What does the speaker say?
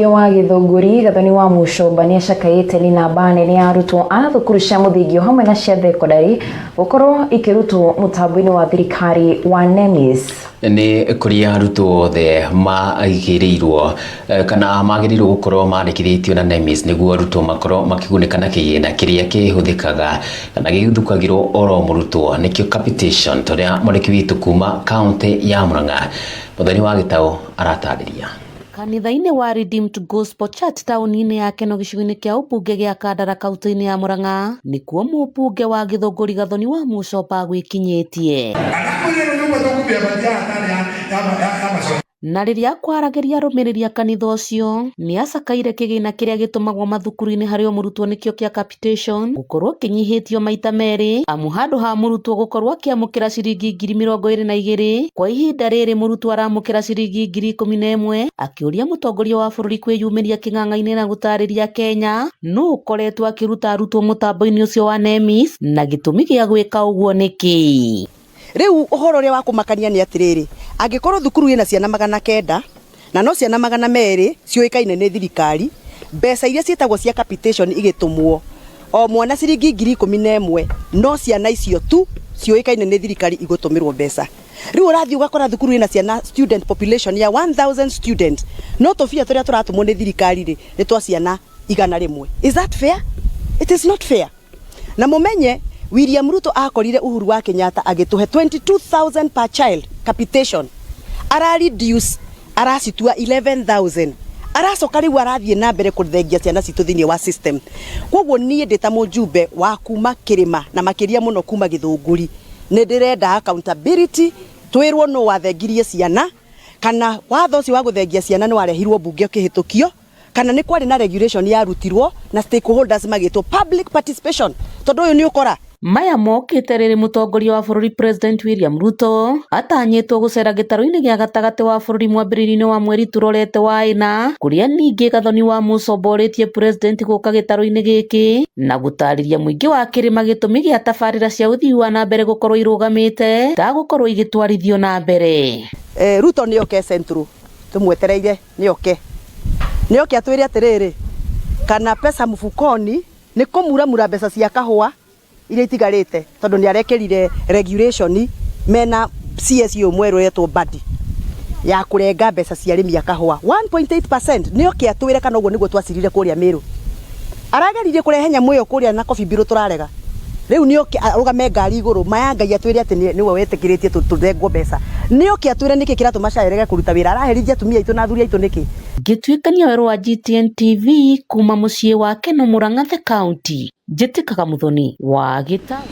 Mũmbunge wa githunguri Gathoni wa Muchomba nĩ acakaĩte Nina Bane nĩ arutwo a thukuru cia mũthingi o hamwe na cia thekondarĩ gũkorwo ikĩrutwo mũtambo-inĩ wa thirikari wa NEMIS nĩ kũrĩa arutwo othe maigĩrĩirwo eh, kana magĩrĩirwo gũkorwo mandĩkithĩtio na NEMIS nĩguo arutwo makorwo makĩgunĩka na kĩgĩna kĩrĩa kĩhũthĩkaga kana gĩhũthĩkagĩrwo oro mũrutwo nĩkĩo capitation tũrĩa mwandĩki witũ kuma county ya Murang'a Mũthoni wa Gĩtaũ aratarĩria kanitha-inĩ wa Redeemed Gospel Church town inĩ ya Keno gĩcigo-inĩ kĩa ũmbunge gĩa Kandara kaũntĩ-inĩ ya Murang'a nĩkuo mũmbunge wa Gĩthũngũri Gathoni wa Mucopa gwĩkinyĩtie na rĩrĩa akwaragĩria arũmĩrĩria kanitha ũcio nĩ acakaire kĩgĩna kĩrĩa gĩtũmagwo mathukuru-inĩ harĩ o mũrutwo nĩkĩo kĩa capitation gũkorwo kĩnyihĩtio maita merĩ amu handũ ha mũrutwo gũkorwo akĩamũkĩra ciringi ngiri mĩrongo ĩrĩ na igĩrĩ kwa ihinda rĩrĩ mũrutwo aramũkĩra ciringi ngiri ikũmi na ĩmwe akĩũria mũtongoria wa bũrũri kwĩyumĩria kĩng'ang'a-inĩ na gũtarĩria Kenya nũ ũkoretwo akĩruta arutwo mũtambo-inĩ ũcio wa NEMIS na gĩtũmi gĩa gwĩka ũguo nĩkĩ rĩu ũhoro ũrĩa wa kũmakania nĩ atĩrĩrĩ angikorwo thukuru ina ciana magana kenda na no ciana magana meri ciuikaine ni thirikari mbeca iria ciĩtagwo cia capitation igitumwo o mwana ciringi ngiri ikumi na imwe no ciana icio tu ciuikaine ni thirikari igutumirwo mbeca riu urathii ugakora thukuru ina ciana student population ya 1000 student no tubia turia turatumwo ni thirikari ri ni twa ciana igana rimwe is that fair it is not fair na mumenye William Ruto akorire Uhuru wa Kenyatta agituhe 22000 per child capitation ara reduce aracitua 11000 aracoka rĩu arathiĩ na mbere kuthengia ciana citũ thini wa system kwoguo nie ndĩ mujube wa kuma kirima na makiria muno kuma githunguri ni ndĩrenda accountability twirwo no wathengirie ciana kana watho ũcio wa guthengia ciana ni warehirwo bunge ũkĩhĩtũkio kana ni kwari na regulation yarutirwo na stakeholders magĩtwo public participation tondũ ũyũ nĩ ũkora maya mokite riri mutongoria wa bururi President William Ruto atanyitwo gucera gitaru-ini gia gatagati wa bururi mwambiriri-ini wa mweri turorete wa ina kuria ningi gathoni wa muso mboritie president guka gitaru-ini giki na gutariria muingi wa kirima gitumi gia tabarira cia uthii wa na mbere gukorwo irugamite ta gukorwo igitwarithio na mbere eh, Ruto nioke central tumwetereire nioke nioke atwire atiriri kana pesa mfukoni ni kumuramura mbeca cia kahua iria itigarite tondu ni arekerire regulation mena CSO mweru yetu badi ya kurenga mbeca cia arimi a kahua 1.8% nio kiatwire kana uguo niguo twacirire kuria miru arageririe kurehenya muyo kuria na coffee biru turarega riu nioke arugame ngari iguru maya ngai atwire ati tie tå tuthengwo mbeca nioke atwire niki kiratuma caerege kuruta wira araheririe atumia aitå na athuri ngä niki kania werå wa GTN TV kuma mucii wa Keno njä tä county må muthoni wa gitau